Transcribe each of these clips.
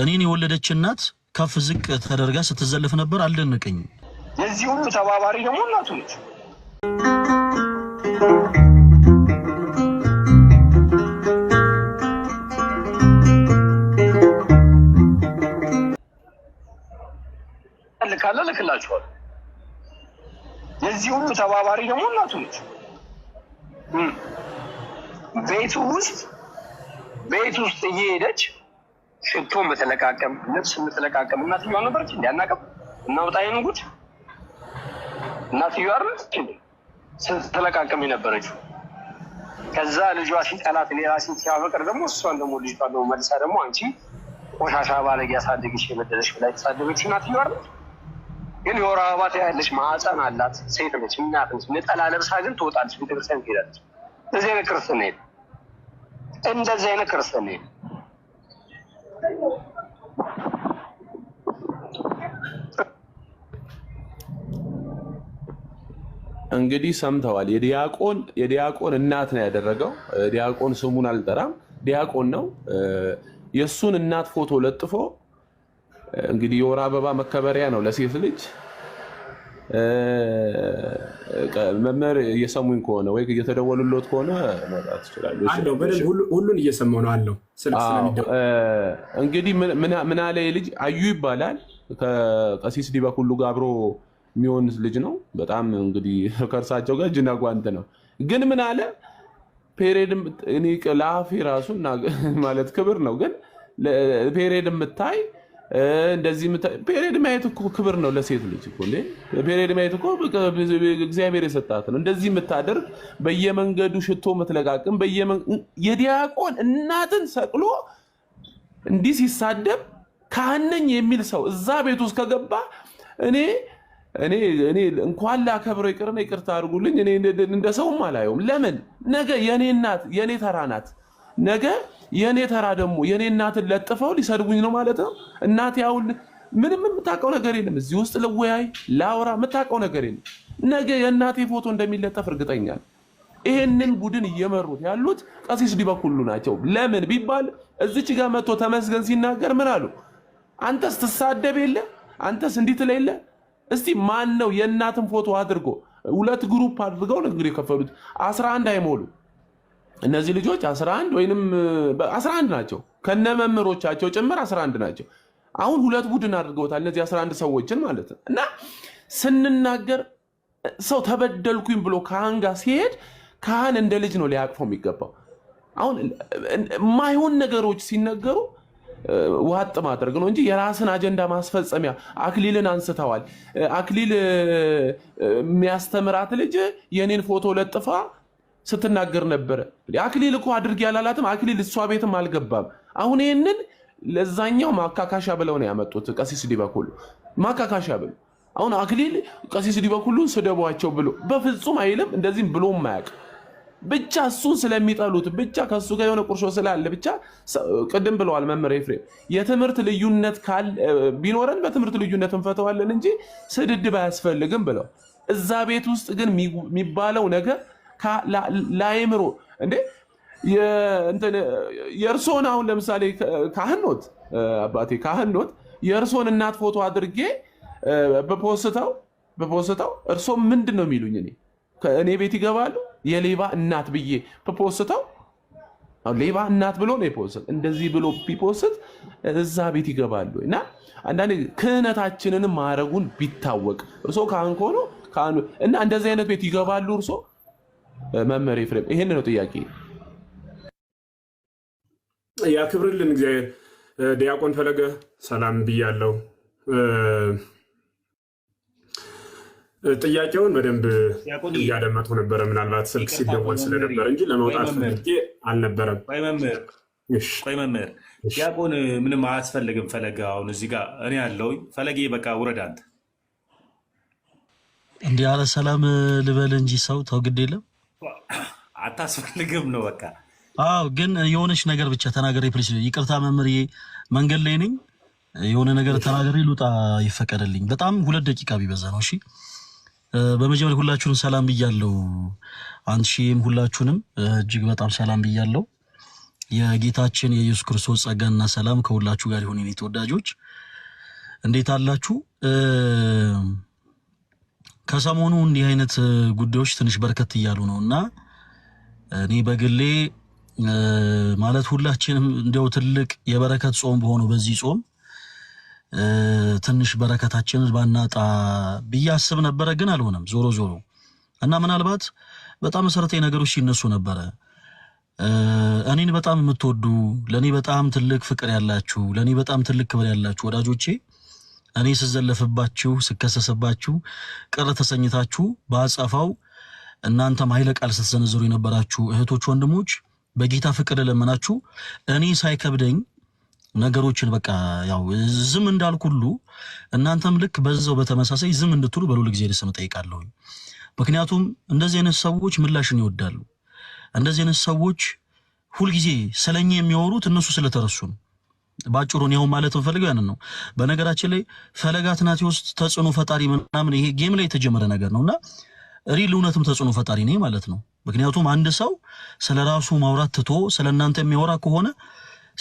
እኔን የወለደች እናት ከፍ ዝቅ ተደርጋ ስትዘልፍ ነበር። አልደነቀኝም። የዚህ ሁሉ ተባባሪ ደግሞ እናቱ ነች። ልካለ ልክላችኋል። የዚህ ሁሉ ተባባሪ ደግሞ እናቱ ነች። ቤቱ ውስጥ ቤት ውስጥ እየሄደች ሽቶ የምትለቃቀም ልብስ የምትለቃቀም እናትየዋ ነበረች። እንዲያናቀም እናውጣይን ጉድ እናትየዋ አርች ስትለቃቀም የነበረችው ከዛ ልጇ ሲጠላት ሌላ ሴት ሲያፈቅር ደግሞ እሷን ደግሞ ልጇ ደግሞ መልሳ ደግሞ አንቺ ቆሻሻ ባለጌ ያሳደግሽ የበደለሽ ብላ የተሳደበች እናትየዋ አርነት ግን የወር አበባ ያለች ማዕፀን አላት ሴት ነች፣ እናት ነች። ንጠላ ለብሳ ግን ትወጣለች፣ ቤተክርስቲያን ትሄዳለች። እዚህ አይነት ክርስትና የለም። እንደዚህ አይነት ክርስትና የለም። እንግዲህ ሰምተዋል። የዲያቆን የዲያቆን እናት ነው ያደረገው። ዲያቆን ስሙን አልጠራም፣ ዲያቆን ነው። የእሱን እናት ፎቶ ለጥፎ እንግዲህ የወር አበባ መከበሪያ ነው ለሴት ልጅ መምህር እየሰሙኝ ከሆነ ወይ እየተደወሉሎት ከሆነ መውጣት ትችላለህ። ሁሉን እየሰማሁ ነው አለው። እንግዲህ ምናለ ልጅ አዩ ይባላል ከቀሲስ ዲበኩሉ ጋር አብሮ የሚሆን ልጅ ነው። በጣም እንግዲህ ከእርሳቸው ጋር ጅና ጓንት ነው። ግን ምን አለ ፔሬድም ለአፌ ራሱ ማለት ክብር ነው። ግን ፔሬድ የምታይ እንደዚህ ፔሬድ ማየት እኮ ክብር ነው ለሴት ልጅ እኮ እንዴ! ፔሬድ ማየት እኮ እግዚአብሔር የሰጣት ነው። እንደዚህ የምታደርግ በየመንገዱ ሽቶ የምትለቃቅም የዲያቆን እናትን ሰቅሎ እንዲህ ሲሳደብ ካህን የሚል ሰው እዛ ቤት ውስጥ ከገባ እኔ እኔ እኔ እንኳን ላከብረው ይቅርና ይቅርታ አድርጉልኝ። እኔ እንደ ሰውም አላየውም። ለምን ነገ የኔ እናት የኔ ተራ ናት። ነገ የኔ ተራ ደግሞ የኔ እናትን ለጥፈው ሊሰድቡኝ ነው ማለት ነው። እናቴ ያውል ምንም የምታውቀው ነገር የለም። እዚህ ውስጥ ልወያይ ላውራ የምታውቀው ነገር የለም። ነገ የእናቴ ፎቶ እንደሚለጠፍ እርግጠኛ ይህንን ቡድን እየመሩት ያሉት ቀሲስ ዲበኩሉ ናቸው። ለምን ቢባል እዚች ጋር መጥቶ ተመስገን ሲናገር ምን አሉ? አንተስ ትሳደብ የለ አንተስ እንዲትለ የለ እስቲ ማን ነው የእናትን ፎቶ አድርጎ ሁለት ግሩፕ አድርገው ነው እንግዲህ የከፈሉት። 11 አይሞሉ እነዚህ ልጆች 11 ወይንም 11 ናቸው ከነመምህሮቻቸው ጭምር 11 ናቸው። አሁን ሁለት ቡድን አድርገውታል እነዚህ 11 ሰዎችን ማለት ነው። እና ስንናገር ሰው ተበደልኩኝ ብሎ ካህን ጋር ሲሄድ ካህን እንደ ልጅ ነው ሊያቅፈው የሚገባው። አሁን ማይሆን ነገሮች ሲነገሩ ዋጥ ማድረግ ነው እንጂ የራስን አጀንዳ ማስፈጸሚያ አክሊልን አንስተዋል። አክሊል የሚያስተምራት ልጅ የኔን ፎቶ ለጥፋ ስትናገር ነበረ። አክሊል እኮ አድርጌ ያላላትም አክሊል እሷ ቤትም አልገባም። አሁን ይህንን ለዛኛው ማካካሻ ብለው ነው ያመጡት። ቀሲስ ዲበኩሉ ማካካሻ ብሎ አሁን አክሊል ቀሲስ ዲበኩሉን ስደቧቸው ብሎ በፍጹም አይልም። እንደዚህም ብሎም አያውቅም። ብቻ እሱን ስለሚጠሉት ብቻ ከእሱ ጋር የሆነ ቁርሾ ስላለ ብቻ ቅድም ብለዋል መምህር ኤፍሬም የትምህርት ልዩነት ቢኖረን በትምህርት ልዩነት እንፈተዋለን እንጂ ስድድብ አያስፈልግም ብለው እዛ ቤት ውስጥ ግን የሚባለው ነገር ላይምሮ እንዴ የእርሶን አሁን ለምሳሌ ካህኖት አባቴ ካህኖት የእርሶን እናት ፎቶ አድርጌ በፖስተው በፖስተው እርሶ ምንድን ነው የሚሉኝ እኔ ከእኔ ቤት ይገባሉ የሌባ እናት ብዬ ፖስተው ሌባ እናት ብሎ ነው የፖስት እንደዚህ ብሎ ቢፖስት እዛ ቤት ይገባሉ። እና አንዳንዴ ክህነታችንን ማድረጉን ቢታወቅ እርሶ ካህን ከሆኑ እና እንደዚህ አይነት ቤት ይገባሉ እርሶ መመሪ ፍሬም ይህን ነው ጥያቄ። ያክብርልን እግዚአብሔር። ዲያቆን ፈለገ ሰላም ብያለው። ጥያቄውን በደንብ እያደመጥኩ ነበረ። ምናልባት ስልክ ሲደወል ስለነበረ እንጂ ለመውጣት ፈልጌ አልነበረም። ቆይ መምህር ዲያቆን ምንም አያስፈልግም። ፈለገ አሁን እዚህ ጋር እኔ ያለውኝ ፈለጌ፣ በቃ ውረድ አንተ። እንዲህ አለ ሰላም ልበል እንጂ ሰው ተው፣ ግድ የለም አታስፈልግም ነው በቃ። አዎ ግን የሆነች ነገር ብቻ ተናገር ፕሊስ። ይቅርታ መምህርዬ፣ መንገድ ላይ ነኝ። የሆነ ነገር ተናገሬ ልውጣ ይፈቀደልኝ። በጣም ሁለት ደቂቃ ቢበዛ ነው። እሺ በመጀመሪያ ሁላችሁንም ሰላም ብያለው። አንድ ሺህም ሁላችሁንም እጅግ በጣም ሰላም ብያለው። የጌታችን የኢየሱስ ክርስቶስ ጸጋና ሰላም ከሁላችሁ ጋር ይሁን። የኔ ተወዳጆች እንዴት አላችሁ? ከሰሞኑ እንዲህ አይነት ጉዳዮች ትንሽ በርከት እያሉ ነው እና እኔ በግሌ ማለት ሁላችንም እንዲያው ትልቅ የበረከት ጾም በሆነው በዚህ ጾም ትንሽ በረከታችንን ባናጣ ብዬ አስብ ነበረ። ግን አልሆነም። ዞሮ ዞሮ እና ምናልባት በጣም መሰረታዊ ነገሮች ሲነሱ ነበረ። እኔን በጣም የምትወዱ ለእኔ በጣም ትልቅ ፍቅር ያላችሁ፣ ለእኔ በጣም ትልቅ ክብር ያላችሁ ወዳጆቼ እኔ ስዘለፍባችሁ፣ ስከሰስባችሁ፣ ቅር ተሰኝታችሁ በአጸፋው እናንተም ኃይለ ቃል ስትዘነዝሩ የነበራችሁ እህቶች፣ ወንድሞች በጌታ ፍቅር ለመናችሁ እኔ ሳይከብደኝ ነገሮችን በቃ ያው ዝም እንዳልኩ ሁሉ እናንተም ልክ በዛው በተመሳሳይ ዝም እንድትሉ በልዑል እግዚአብሔር ስም ጠይቃለሁ። ምክንያቱም እንደዚህ አይነት ሰዎች ምላሽን ይወዳሉ። እንደዚህ አይነት ሰዎች ሁልጊዜ ስለኛ የሚያወሩት እነሱ ስለተረሱ ነው። በአጭሩ ያው ማለት ፈልገው ያንን ነው። በነገራችን ላይ ፈለገ አትናቴዎስ ተጽዕኖ ፈጣሪ ምናምን ይሄ ጌም ላይ የተጀመረ ነገር ነውና ሪል እውነትም ተጽዕኖ ፈጣሪ ነኝ ማለት ነው። ምክንያቱም አንድ ሰው ስለ ራሱ ማውራት ትቶ ስለ እናንተ የሚያወራ ከሆነ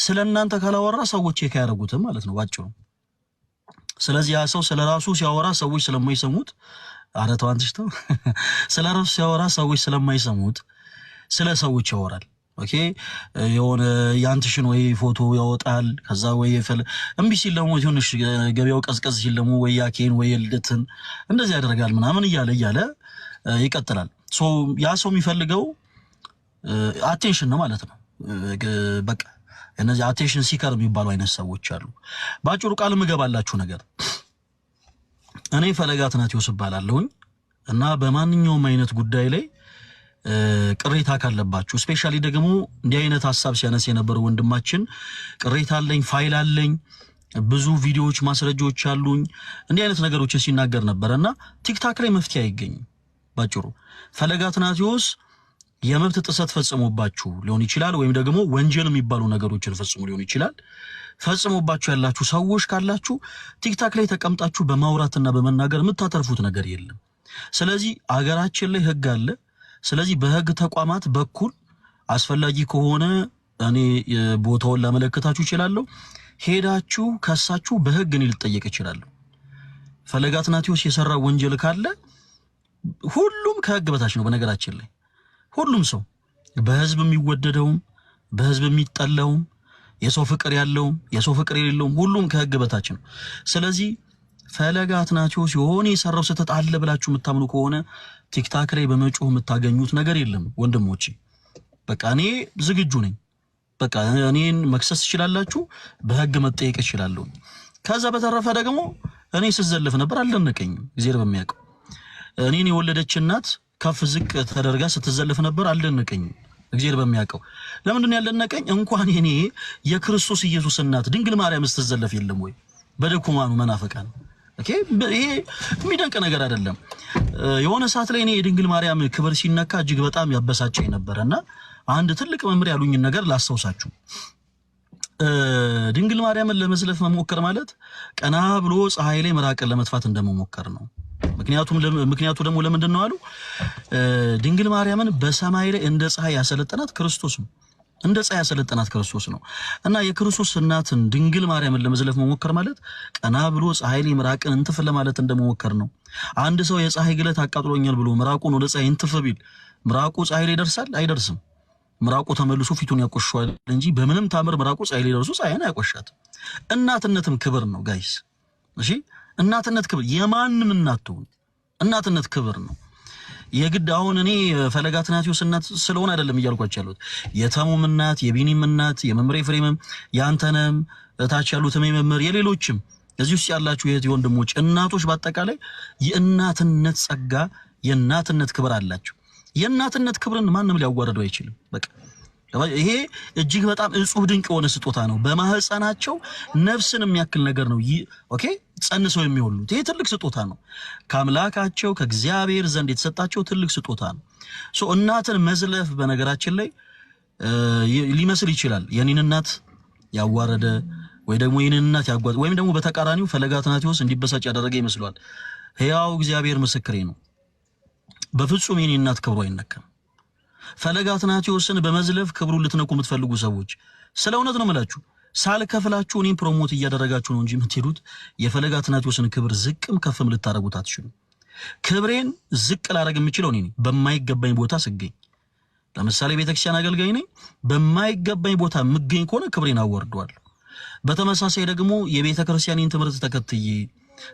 ስለ እናንተ ካላወራ ሰዎች ቼክ አያደርጉትም ማለት ነው ባጭሩ። ስለዚህ ያ ሰው ስለ ራሱ ሲያወራ ሰዎች ስለማይሰሙት፣ ኧረ ተው አንተ ሽተው፣ ስለ ራሱ ሲያወራ ሰዎች ስለማይሰሙት ስለ ሰዎች ያወራል። ኦኬ የሆነ የአንትሽን ወይ ፎቶ ያወጣል። ከዛ ወይ ፈል እምቢ ሲል ደግሞ ትንሽ ገበያው ቀዝቀዝ ሲል ደግሞ ወይ ያኬን ወይ ልደትን እንደዚህ ያደርጋል ምናምን እያለ እያለ ይቀጥላል። ያ ሰው የሚፈልገው አቴንሽን ነው ማለት ነው በቃ እነዚህ አቴንሽን ሲከር የሚባሉ አይነት ሰዎች አሉ። በአጭሩ ቃል ምገባላችሁ ነገር እኔ ፈለገ አትናትዮስ እባላለሁኝ እና በማንኛውም አይነት ጉዳይ ላይ ቅሬታ ካለባችሁ እስፔሻሊ ደግሞ እንዲህ አይነት ሀሳብ ሲያነስ የነበረው ወንድማችን ቅሬታ አለኝ፣ ፋይል አለኝ፣ ብዙ ቪዲዮዎች፣ ማስረጃዎች አሉኝ እንዲህ አይነት ነገሮችን ሲናገር ነበረ እና ቲክታክ ላይ መፍትሄ አይገኝም። ባጭሩ ፈለገ አትናትዮስ የመብት ጥሰት ፈጽሞባችሁ ሊሆን ይችላል፣ ወይም ደግሞ ወንጀል የሚባሉ ነገሮችን ፈጽሞ ሊሆን ይችላል። ፈጽሞባችሁ ያላችሁ ሰዎች ካላችሁ ቲክታክ ላይ ተቀምጣችሁ በማውራትና በመናገር የምታተርፉት ነገር የለም። ስለዚህ አገራችን ላይ ህግ አለ። ስለዚህ በህግ ተቋማት በኩል አስፈላጊ ከሆነ እኔ ቦታውን ላመለክታችሁ ይችላለሁ። ሄዳችሁ ከሳችሁ በህግ እኔ ልጠየቅ ይችላለሁ። ፈለገ የሰራ ወንጀል ካለ ሁሉም ከህግ በታች ነው በነገራችን ላይ ሁሉም ሰው በህዝብ የሚወደደውም በህዝብ የሚጠላውም የሰው ፍቅር ያለውም የሰው ፍቅር የሌለውም ሁሉም ከህግ በታች ነው። ስለዚህ ፈለገ አትናቴዎስ የሆነ የሰራው ስህተት አለ ብላችሁ የምታምኑ ከሆነ ቲክታክ ላይ በመጮህ የምታገኙት ነገር የለም ወንድሞቼ። በቃ እኔ ዝግጁ ነኝ። በቃ እኔን መክሰስ ትችላላችሁ፣ በህግ መጠየቅ እችላለሁ። ከዛ በተረፈ ደግሞ እኔ ስዘልፍ ነበር አልደነቀኝም። ጊዜ በሚያውቀው እኔን የወለደች እናት ከፍ ዝቅ ተደርጋ ስትዘልፍ ነበር። አልደነቀኝ እግዚአብሔር በሚያውቀው ለምንድን ነው ያልደነቀኝ? እንኳን እኔ የክርስቶስ ኢየሱስ እናት ድንግል ማርያም ስትዘለፍ የለም ወይ? በደኩማኑ መናፈቃን ይሄ የሚደንቅ ነገር አይደለም። የሆነ ሰዓት ላይ እኔ የድንግል ማርያም ክብር ሲነካ እጅግ በጣም ያበሳጨኝ ነበረ እና አንድ ትልቅ መምህር ያሉኝን ነገር ላስታውሳችሁ። ድንግል ማርያምን ለመዝለፍ መሞከር ማለት ቀና ብሎ ፀሐይ ላይ ምራቅን ለመጥፋት እንደመሞከር ነው። ምክንያቱም ምክንያቱ ደግሞ ለምንድን ነው አሉ ድንግል ማርያምን በሰማይ ላይ እንደ ፀሐይ ያሰለጠናት ክርስቶስ ነው። እንደ ፀሐይ ያሰለጠናት ክርስቶስ ነው እና የክርስቶስ እናትን ድንግል ማርያምን ለመዝለፍ መሞከር ማለት ቀና ብሎ ፀሐይ ላይ ምራቅን እንትፍ ለማለት እንደመሞከር ነው። አንድ ሰው የፀሐይ ግለት አቃጥሎኛል ብሎ ምራቁን ወደ ፀሐይ እንትፍ ቢል ምራቁ ፀሐይ ላይ ይደርሳል? አይደርስም። ምራቁ ተመልሶ ፊቱን ያቆሸዋል እንጂ በምንም ታምር ምራቁ ፀሐይ ላይ ደርሶ ፀሐይን አያቆሻትም። እናትነትም ክብር ነው ጋይስ እሺ እናትነት ክብር የማንም እናት ትሁን እናትነት ክብር ነው። የግድ አሁን እኔ ፈለገ አትናትዮስ እናት ስለሆነ አይደለም እያልኳቸው ያሉት የተሙም እናት፣ የቢኒም እናት፣ የመምሬ ፍሬምም፣ የአንተነም እታች ያሉት መምህር፣ የሌሎችም እዚህ ውስጥ ያላችሁ የእህት ወንድሞች፣ እናቶች በአጠቃላይ የእናትነት ጸጋ፣ የእናትነት ክብር አላቸው። የእናትነት ክብርን ማንም ሊያዋርደው አይችልም። በቃ ይሄ እጅግ በጣም እጹብ ድንቅ የሆነ ስጦታ ነው። በማህፀናቸው ነፍስን የሚያክል ነገር ነው። ኦኬ ጸንሰው የሚወሉት ይሄ ትልቅ ስጦታ ነው። ከአምላካቸው ከእግዚአብሔር ዘንድ የተሰጣቸው ትልቅ ስጦታ ነው። ሶ እናትን መዝለፍ በነገራችን ላይ ሊመስል ይችላል የኔን እናት ያዋረደ ወይ ደግሞ የኔን እናት ያጓዝ ወይም ደግሞ በተቃራኒው ፈለገ አትናቴዎስ እንዲበሳጭ ያደረገ ይመስለዋል። ሕያው እግዚአብሔር ምስክሬ ነው፣ በፍጹም የኔ እናት ክብሩ አይነካም። ፈለገ አትናቴዎስን በመዝለፍ ክብሩ ልትነኩ የምትፈልጉ ሰዎች ስለ እውነት ነው የምላችሁ ሳልከፍላችሁ እኔም ፕሮሞት እያደረጋችሁ ነው እንጂ የምትሄዱት የፈለገ አትናትዮስን ክብር ዝቅም ከፍም ልታደረጉት አትችሉ። ክብሬን ዝቅ ላደረግ የምችለው እኔ በማይገባኝ ቦታ ስገኝ፣ ለምሳሌ ቤተክርስቲያን አገልጋይ ነኝ። በማይገባኝ ቦታ የምገኝ ከሆነ ክብሬን አወርደዋል። በተመሳሳይ ደግሞ የቤተ ክርስቲያኔን ትምህርት ተከትዬ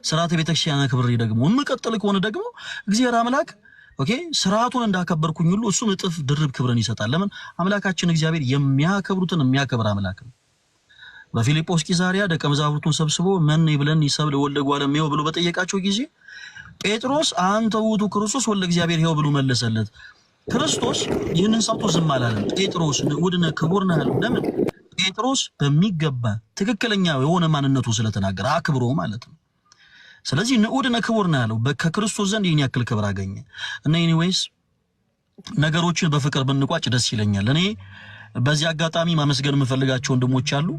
ስርዓተ ቤተክርስቲያን አክብሬ ደግሞ የምቀጥል ከሆነ ደግሞ እግዚአብሔር አምላክ ኦኬ ስርዓቱን እንዳከበርኩኝ ሁሉ እሱም እጥፍ ድርብ ክብርን ይሰጣል። ለምን? አምላካችን እግዚአብሔር የሚያከብሩትን የሚያከብር አምላክ ነው። በፊልጶስ ቂዛሪያ ደቀ መዛሙርቱን ሰብስቦ መን ይብለን ይሰብለ ወልደ እጓለ እመሕያው ብሎ በጠየቃቸው ጊዜ ጴጥሮስ አንተ ውእቱ ክርስቶስ ወልደ እግዚአብሔር ሕያው ብሎ መለሰለት። ክርስቶስ ይህንን ሰምቶ ዝም አላለም። ጴጥሮስ ንዑድ ነህ ክቡር ነህ አለው። ለምን? ጴጥሮስ በሚገባ ትክክለኛ የሆነ ማንነቱ ስለተናገረ አክብሮ ማለት ነው። ስለዚህ ንዑድ ነህ ክቡር ነህ አለው። ከክርስቶስ ዘንድ ይህን ያክል ክብር አገኘ እና ኤኒዌይስ ነገሮችን በፍቅር ብንቋጭ ደስ ይለኛል እኔ በዚህ አጋጣሚ ማመስገን የምፈልጋቸው ወንድሞች አሉ።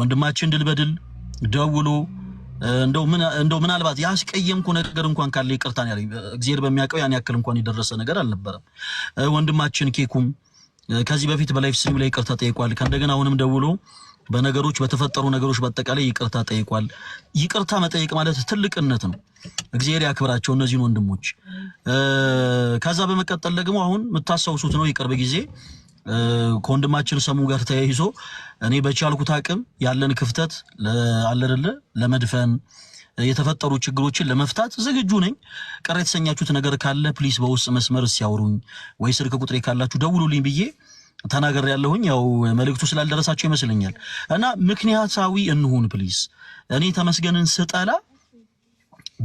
ወንድማችን ድል በድል ደውሎ እንደው ምናልባት ያስቀየምኩ ነገር እንኳን ካለ ይቅርታ ያለ እግዚአብሔር በሚያውቀው ያን ያክል እንኳን የደረሰ ነገር አልነበረም። ወንድማችን ኬኩም ከዚህ በፊት በላይፍ ስሪም ላይ ይቅርታ ጠይቋል። ከእንደገና አሁንም ደውሎ በነገሮች በተፈጠሩ ነገሮች በአጠቃላይ ይቅርታ ጠይቋል። ይቅርታ መጠየቅ ማለት ትልቅነት ነው። እግዚአብሔር ያክብራቸው እነዚህን ወንድሞች። ከዛ በመቀጠል ደግሞ አሁን የምታስታውሱት ነው የቅርብ ጊዜ ከወንድማችን ሰሙ ጋር ተያይዞ እኔ በቻልኩት አቅም ያለን ክፍተት አለደለ ለመድፈን የተፈጠሩ ችግሮችን ለመፍታት ዝግጁ ነኝ። ቅር የተሰኛችሁት ነገር ካለ ፕሊስ በውስጥ መስመር ሲያወሩኝ ወይ ስልክ ቁጥሬ ካላችሁ ደውሉልኝ ብዬ ተናገር ያለሁኝ ያው መልእክቱ ስላልደረሳቸው ይመስለኛል። እና ምክንያታዊ እንሁን ፕሊስ። እኔ ተመስገንን ስጠላ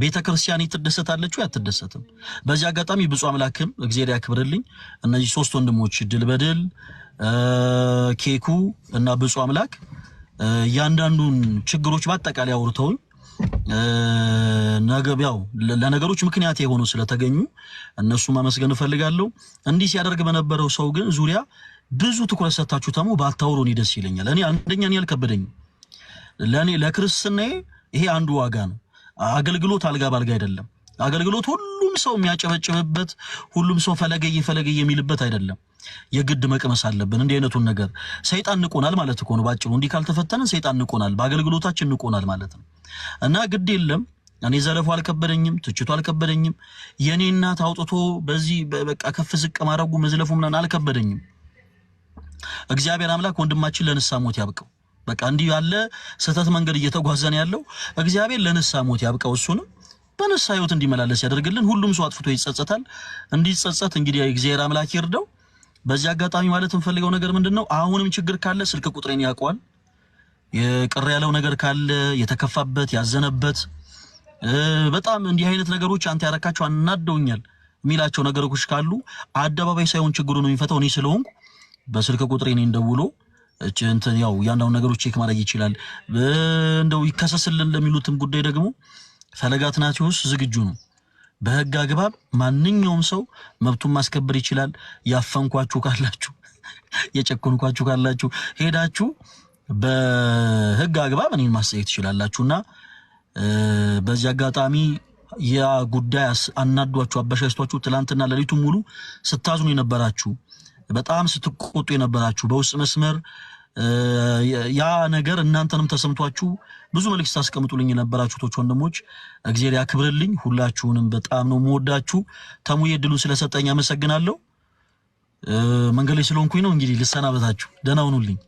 ቤተ ክርስቲያን ትደሰታለች ወይ አትደሰትም? በዚህ አጋጣሚ ብፁዕ አምላክም እግዚአብሔር ያክብርልኝ። እነዚህ ሶስት ወንድሞች ድል በድል ኬኩ እና ብፁዕ አምላክ እያንዳንዱን ችግሮች በአጠቃላይ አውርተውኝ ያው ለነገሮች ምክንያት የሆኑ ስለተገኙ እነሱ ማመስገን እፈልጋለሁ። እንዲህ ሲያደርግ በነበረው ሰው ግን ዙሪያ ብዙ ትኩረት ሰታችሁ ተሞ ባታውሩ እኔ ደስ ይለኛል። እኔ አንደኛ እኔ አልከበደኝም። ለእኔ ለክርስትናዬ ይሄ አንዱ ዋጋ ነው። አገልግሎት አልጋ ባልጋ አይደለም። አገልግሎት ሁሉም ሰው የሚያጨበጭብበት ሁሉም ሰው ፈለገየ ፈለገየ የሚልበት አይደለም። የግድ መቅመስ አለብን እንዲህ አይነቱን ነገር። ሰይጣን ንቆናል ማለት ነው ባጭሩ። እንዲህ ካልተፈተንን ሰይጣን ንቆናል፣ በአገልግሎታችን ንቆናል ማለት ነው። እና ግድ የለም እኔ ዘለፉ አልከበደኝም፣ ትችቱ አልከበደኝም። የእኔ እናት አውጥቶ በዚህ በቃ ከፍ ዝቅ ማድረጉ መዝለፉ ምናምን አልከበደኝም። እግዚአብሔር አምላክ ወንድማችን ለንሳ ሞት ያብቀው። በቃ እንዲህ ያለ ስህተት መንገድ እየተጓዘን ያለው እግዚአብሔር ለንሳ ሞት ያብቃው። እሱንም በንሳ ህይወት እንዲመላለስ ያደርግልን። ሁሉም ሰው አጥፍቶ ይጸጸታል። እንዲጸጸት እንግዲህ እግዚአብሔር አምላክ ይርደው። በዚህ አጋጣሚ ማለት እንፈልገው ነገር ምንድን ነው? አሁንም ችግር ካለ ስልክ ቁጥሬን ያውቀዋል። የቅር ያለው ነገር ካለ የተከፋበት፣ ያዘነበት በጣም እንዲህ አይነት ነገሮች አንተ ያረካቸው አናደውኛል የሚላቸው ነገሮች ካሉ አደባባይ ሳይሆን ችግሩን የሚፈታው እኔ ስለሆንኩ በስልክ ቁጥሬ እኔን ደውሎ እንትን ያው ያንዳንዱ ነገሮች ቼክ ማድረግ ይችላል። እንደው ይከሰስልን ለሚሉትም ጉዳይ ደግሞ ፈለገ አትናቴዎስ ዝግጁ ነው። በህግ አግባብ ማንኛውም ሰው መብቱን ማስከበር ይችላል። ያፈንኳችሁ ካላችሁ፣ የጨኮንኳችሁ ካላችሁ ሄዳችሁ በህግ አግባብ እኔን ማሳየት እና በዚህ አጋጣሚ ያ ጉዳይ አናዷችሁ፣ አበሻሽቷችሁ ትላንትና ሌሊቱን ሙሉ ስታዝኑ የነበራችሁ በጣም ስትቆጡ የነበራችሁ በውስጥ መስመር ያ ነገር እናንተንም ተሰምቷችሁ ብዙ መልዕክት ታስቀምጡልኝ የነበራችሁ ቶች ወንድሞች እግዜር ያክብርልኝ። ሁላችሁንም በጣም ነው የምወዳችሁ። ተሙዬ እድሉን ስለሰጠኝ አመሰግናለሁ። መንገድ ላይ ስለሆንኩኝ ነው እንግዲህ ልሰናበታችሁ። ደህና ሁኑልኝ።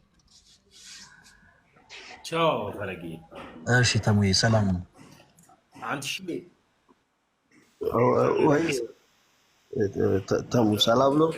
ቻው ፈለጌ። እሺ ተሙዬ ሰላም ነው። ተሙ ሰላም ነው።